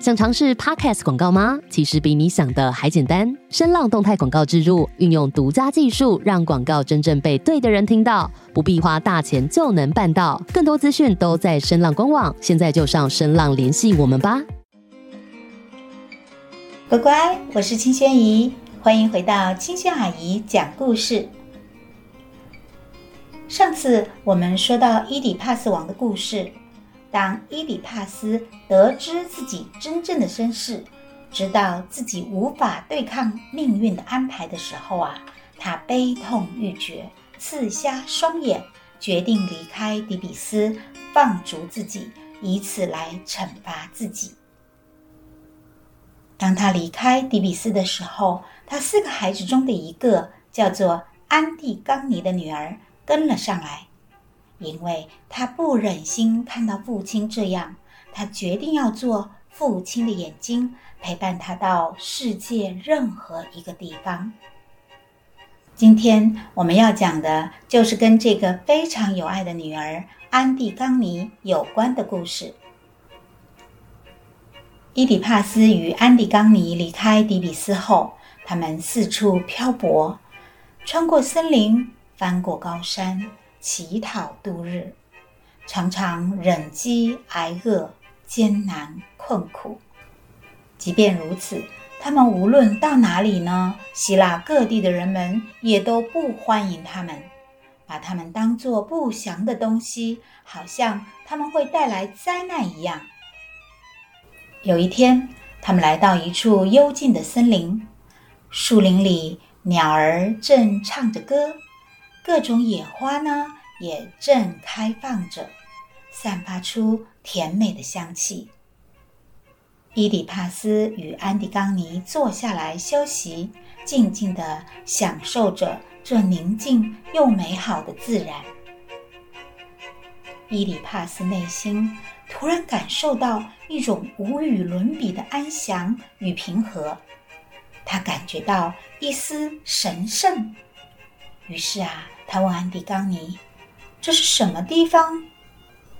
想嘗試 Podcast 廣告嗎？其實比你想的還簡單。聲浪動態廣告植入，運用獨家技術，讓廣告真正被對的人聽到，不必花大錢就能辦到。更多資訊都在聲浪官網，現在就上聲浪聯繫我們吧。乖乖，我是青萱姨，歡迎回到青萱阿姨講故事。上次我們說到伊底帕斯王的故事。當伊底帕斯得知自己真正的身世，知道自己無法對抗命運的安排的時候啊，他悲痛欲絕，刺瞎雙眼，決定離開底比斯，放逐自己，以此來懲罰自己。當他離開底比斯的時候，他四個孩子中的一個，叫做安蒂岡妮的女兒跟了上來。因為他不忍心看到父親這樣，他決定要做父親的眼睛，陪伴他到世界任何一個地方。今天我們要講的就是跟這個非常有愛的女兒安蒂岡妮有關的故事。伊底帕斯與安蒂岡妮離開底比斯後，他們四處漂泊，穿過森林，翻過高山。乞討度日，常常忍飢挨餓，艱難困苦。即便如此，他們無論到哪裡呢，希臘各地的人們也都不歡迎他們，把他們當做不祥的東西，好像他們會帶來災難一樣。有一天，他們來到一處幽靜的森林，樹林裡鳥兒正唱着歌。各種野花呢，也正開放着，散發出甜美的香氣。伊底帕斯與安蒂岡妮坐下來休息，靜靜地享受着這寧靜又美好的自然。伊底帕斯內心突然感受到一種無與倫比的安詳與平和，他感覺到一絲神聖。於是啊。他問安蒂岡妮：“這是什麼地方？”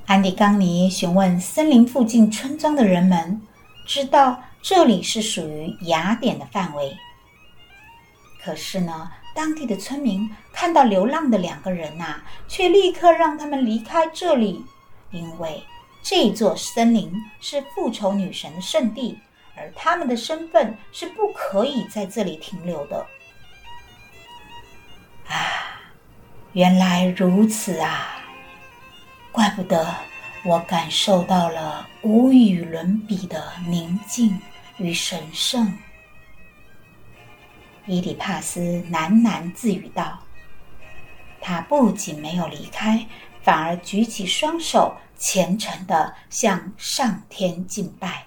安蒂岡妮詢問森林附近村莊的人們，知道這裡是屬於雅典的範圍。可是呢，當地的村民看到流浪的兩個人吶、啊，卻立刻讓他們離開這裡，因為這座森林是復仇女神的聖地，而他們的身份是不可以在這裡停留的。啊！原來如此啊！怪不得我感受到了無與倫比的寧靜與神聖。”伊底帕斯喃喃自語道。他不僅沒有離開，反而舉起雙手，虔誠的向上天敬拜。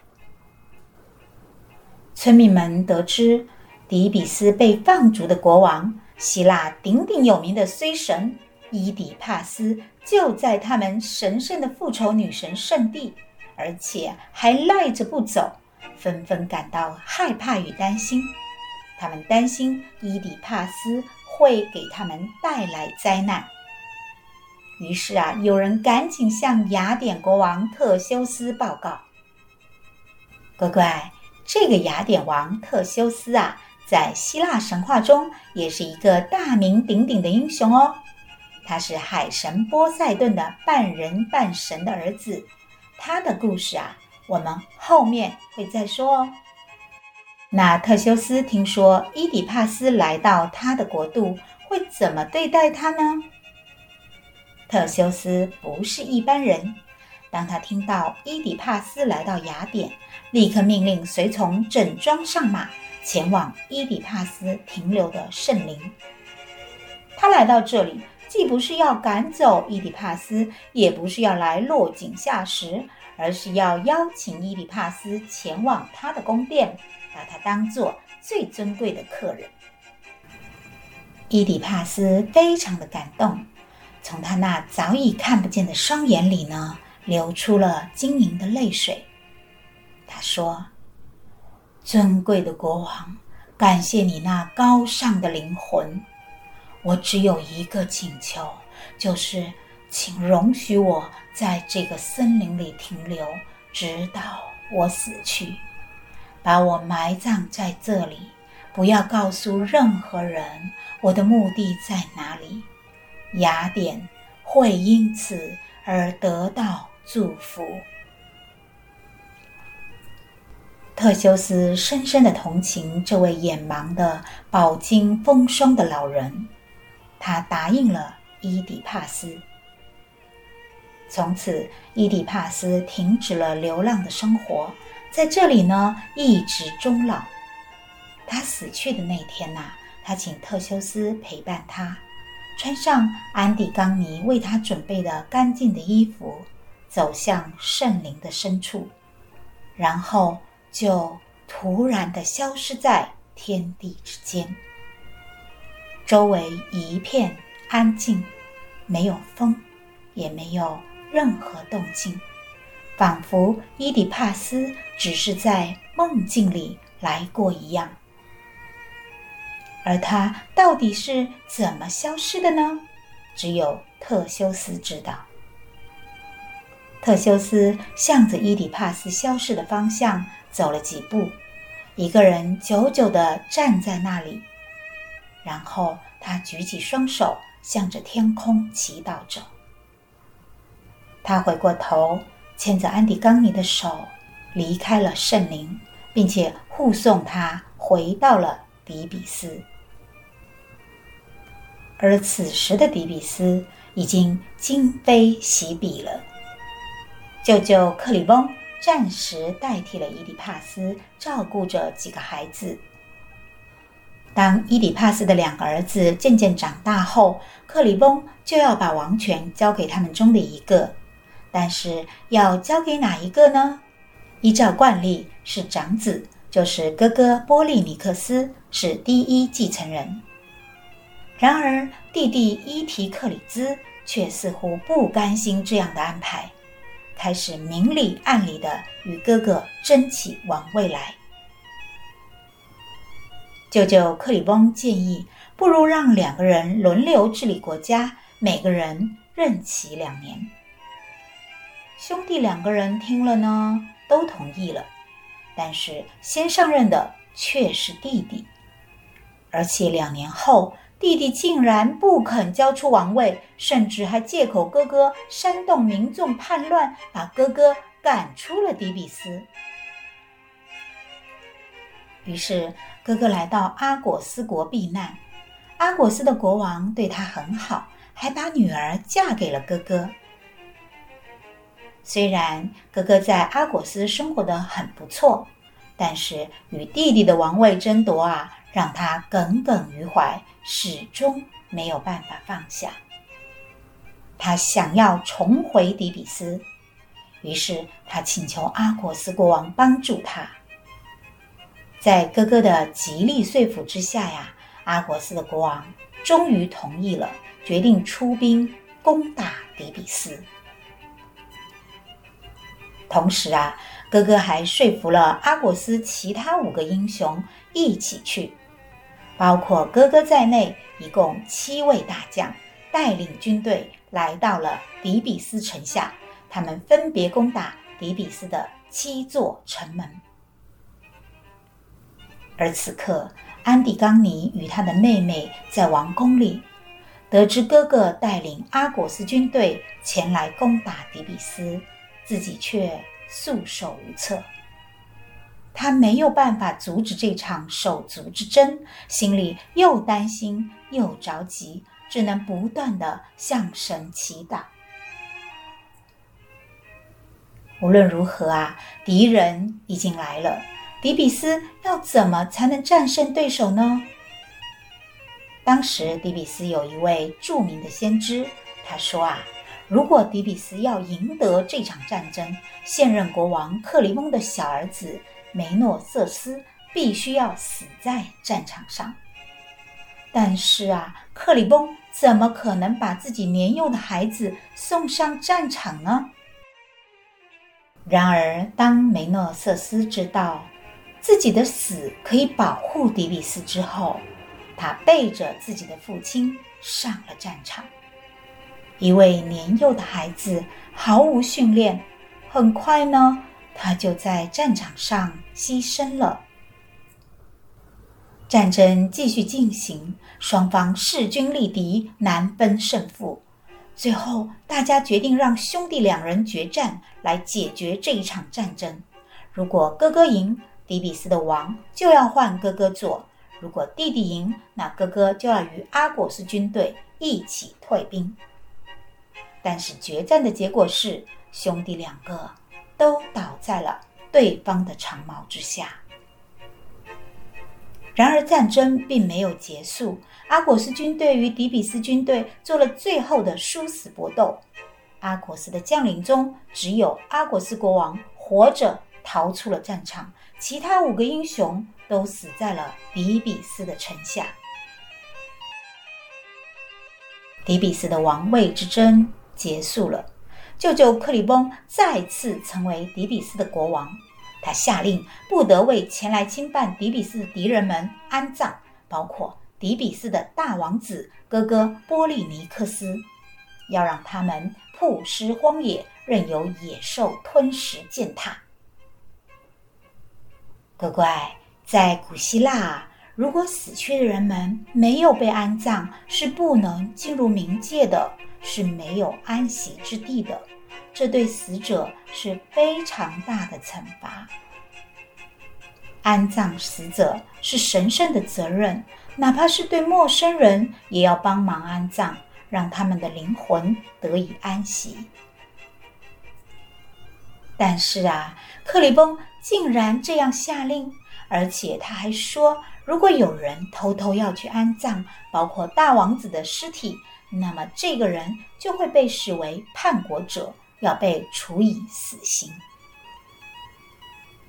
村民們得知底比斯被放逐的國王。希臘鼎鼎有名的“衰神伊底帕斯”就在他們神聖的復仇女神聖地，而且還賴着不走，紛紛感到害怕與擔心。他們擔心伊底帕斯會給他們帶來災難。於是啊，有人趕緊向雅典國王特修斯報告。乖乖，這個雅典王特修斯啊，在希臘神話中，也是一個大名鼎鼎的英雄哦。他是海神波塞頓的半人半神的兒子。他的故事啊，我們後面會再說哦。那特修斯聽說伊底帕斯來到他的國度，會怎麼對待他呢？特修斯不是一般人。當他聽到伊底帕斯來到雅典，立刻命令隨從整裝上馬，前往伊底帕斯停留的聖林。他來到這裡，既不是要趕走伊底帕斯，也不是要來落井下石，而是要邀請伊底帕斯前往他的宮殿，把他當作最尊貴的客人。伊底帕斯非常的感動，從他那早已看不見的雙眼裡呢，流出了晶瑩的淚水。他說：“尊貴的國王，感謝你那高尚的靈魂。我只有一個請求，就是請容許我在這個森林裡停留，直到我死去。把我埋葬在這裡，不要告訴任何人我的墓地在哪裡。雅典會因此而得到。”祝福。特修斯深深的同情這位眼盲的、飽經風霜的老人，他答應了伊底帕斯。從此，伊底帕斯停止了流浪的生活，在這裡呢，一直終老。他死去的那天吶、啊，他請特修斯陪伴他，穿上安蒂岡妮為他準備的乾淨的衣服。走向聖靈的深處，然後就突然地消失在天地之間。周圍一片安靜，沒有風，也沒有任何動靜，仿佛伊底帕斯只是在夢境裡來過一樣。而他到底是怎麼消失的呢？只有特修斯知道。特修斯向着伊底帕斯消失的方向走了幾步，一個人久久地站在那裡，然後他舉起雙手，向着天空祈禱着。他回過頭，牽着安蒂岡妮的手離開了聖林，並且護送他回到了底比斯。而此時的底比斯已經今非昔比了。舅舅克里翁暫時代替了伊底帕斯，照顧着幾個孩子。當伊底帕斯的兩個兒子漸漸長大後，克里翁就要把王權交給他們中的一個。但是要交給哪一個呢？依照慣例，是長子，就是哥哥波利尼克斯是第一繼承人。然而弟弟伊提克里茲却似乎不甘心這樣的安排。開始明裡暗裡的與哥哥爭起王位來。舅舅克里翁建議，不如讓兩個人輪流治理國家，每個人任期兩年。兄弟兩個人聽了呢，都同意了。但是先上任的卻是弟弟，而且兩年後。弟弟竟然不肯交出王位，甚至還借口哥哥煽動民眾叛亂，把哥哥趕出了底比斯。於是，哥哥來到阿果斯國避難。阿果斯的國王對他很好，還把女兒嫁給了哥哥。雖然哥哥在阿果斯生活得很不錯，但是與弟弟的王位爭奪啊。讓他耿耿於懷，始終沒有辦法放下。他想要重回底比斯，於是他請求阿果斯國王幫助他。在哥哥的極力說服之下呀，阿果斯的國王終於同意了，決定出兵攻打底比斯。同時啊，哥哥還說服了阿果斯其他五個英雄一起去。包括哥哥在內，一共七位大將帶領軍隊來到了底比斯城下。他們分別攻打底比斯的七座城門。而此刻，安蒂岡妮與他的妹妹在王宮裡，得知哥哥帶領阿果斯軍隊前來攻打底比斯，自己卻束手無策。他沒有辦法阻止這場手足之爭，心裡又擔心又着急，只能不斷的向神祈禱。無論如何啊，敵人已經來了，底比斯要怎麼才能戰勝對手呢？當時底比斯有一位著名的先知，他說啊，如果底比斯要贏得這場戰爭，現任國王克利翁的小兒子，梅諾瑟斯必須要死在戰場上，但是啊，克里翁怎麼可能把自己年幼的孩子送上戰場呢？然而，當梅諾瑟斯知道自己的死可以保護底比斯之後，他背着自己的父親上了戰場。一位年幼的孩子毫無訓練，很快呢。他就在戰場上犧牲了。戰爭繼續進行，雙方勢均力敵，難分勝負。最後，大家決定讓兄弟兩人決戰來解決這一場戰爭。如果哥哥贏，底比,比斯的王就要換哥哥做；如果弟弟贏，那哥哥就要與阿果斯軍隊一起退兵。但是決戰的結果是，兄弟兩個。都倒在了對方的長矛之下。然而，戰爭並沒有結束。阿果斯軍隊與底比斯軍隊做了最後的殊死搏鬥。阿果斯的將領中，只有阿果斯國王活着逃出了戰場，其他五個英雄都死在了底比斯的城下。底比斯的王位之爭結束了。舅舅克里翁再次成為底比斯的國王，他下令不得為前來侵犯底比斯的敵人們安葬，包括底比斯的大王子哥哥波利尼克斯，要讓他們曝屍荒野，任由野獸吞食踐踏。乖乖，在古希臘，如果死去的人們沒有被安葬，是不能進入冥界的。是沒有安息之地的，這對死者是非常大的懲罰。安葬死者是神聖的責任，哪怕是對陌生人，也要幫忙安葬，讓他們的靈魂得以安息。但是啊，克里翁竟然這樣下令，而且他還說，如果有人偷偷要去安葬，包括大王子的屍體。那麼這個人就會被視為叛國者，要被處以死刑。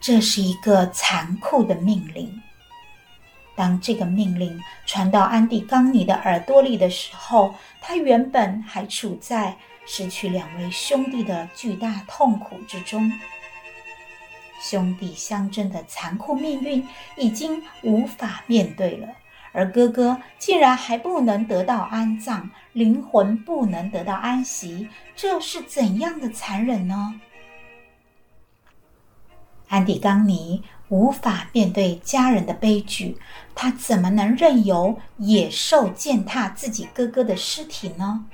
這是一個殘酷的命令。當這個命令傳到安蒂岡妮的耳朵裡的時候，他原本還處在失去兩位兄弟的巨大痛苦之中，兄弟相爭的殘酷命運已經無法面對了。而哥哥竟然還不能得到安葬，靈魂不能得到安息，這是怎樣的殘忍呢？安蒂岡妮無法面對家人的悲劇，他怎麼能任由野獸踐踏自己哥哥的屍體呢？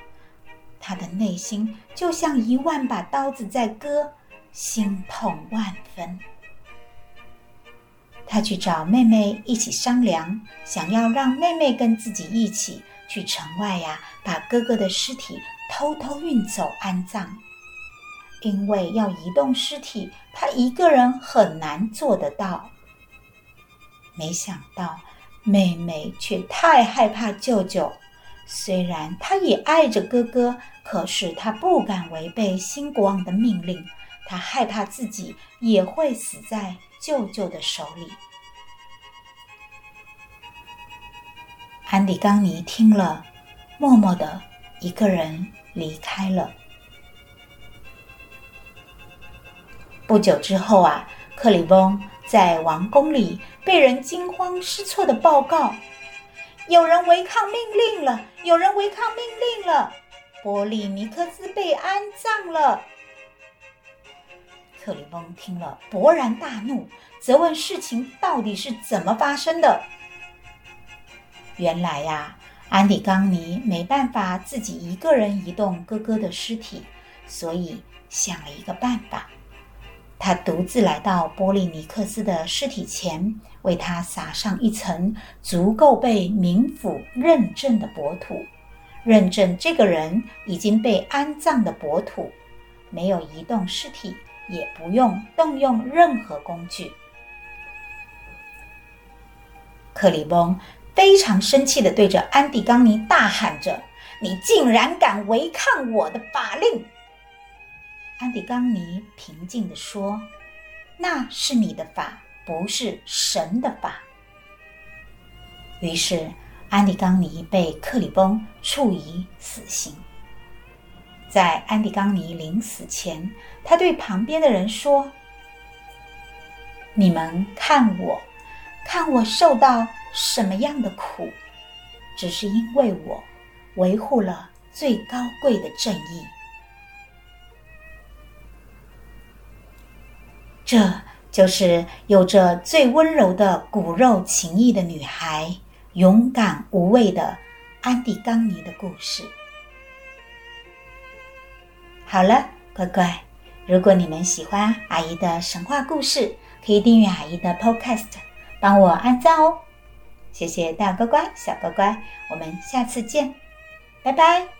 他的內心就像一萬把刀子在割，心痛萬分。他去找妹妹一起商量，想要讓妹妹跟自己一起去城外呀、啊，把哥哥的屍體偷偷運走安葬。因為要移動屍體，他一個人很難做得到。沒想到妹妹卻太害怕舅舅，雖然她也愛着哥哥，可是她不敢違背新國王的命令，她害怕自己也會死在。舅舅的手裡，安蒂岡妮聽了，默默地一個人離開了。不久之後啊，克里翁在王宮裡被人驚慌失措地報告：有人違抗命令了，有人違抗命令了，波利尼克斯被安葬了。克瑞翁聽了，勃然大怒，責問事情到底是怎麼發生的。原來呀、啊，安蒂岡妮沒辦法自己一個人移動哥哥的屍體，所以想了一個辦法。他獨自來到波利尼克斯的屍體前，為他撒上一層足夠被冥府認證的薄土，認證這個人已經被安葬的薄土，沒有移動屍體。也不用動用任何工具。克里翁非常生氣地對着安蒂岡妮大喊着：“你竟然敢違抗我的法令！”安蒂岡妮平靜地說：“那是你的法，不是神的法。”於是，安蒂岡妮被克里翁處以死刑。在安蒂岡妮臨死前，他對旁邊的人說：“你們看我，看我受到什麼樣的苦，只是因為我維護了最高貴的正義。”這就是有着最溫柔的骨肉情誼的女孩，勇敢無畏的安蒂岡妮的故事。好了，乖乖，如果你們喜歡阿姨的神話故事，可以訂閱阿姨的 Podcast，幫我按讚哦，謝謝大乖乖、小乖乖，我們下次見，拜拜。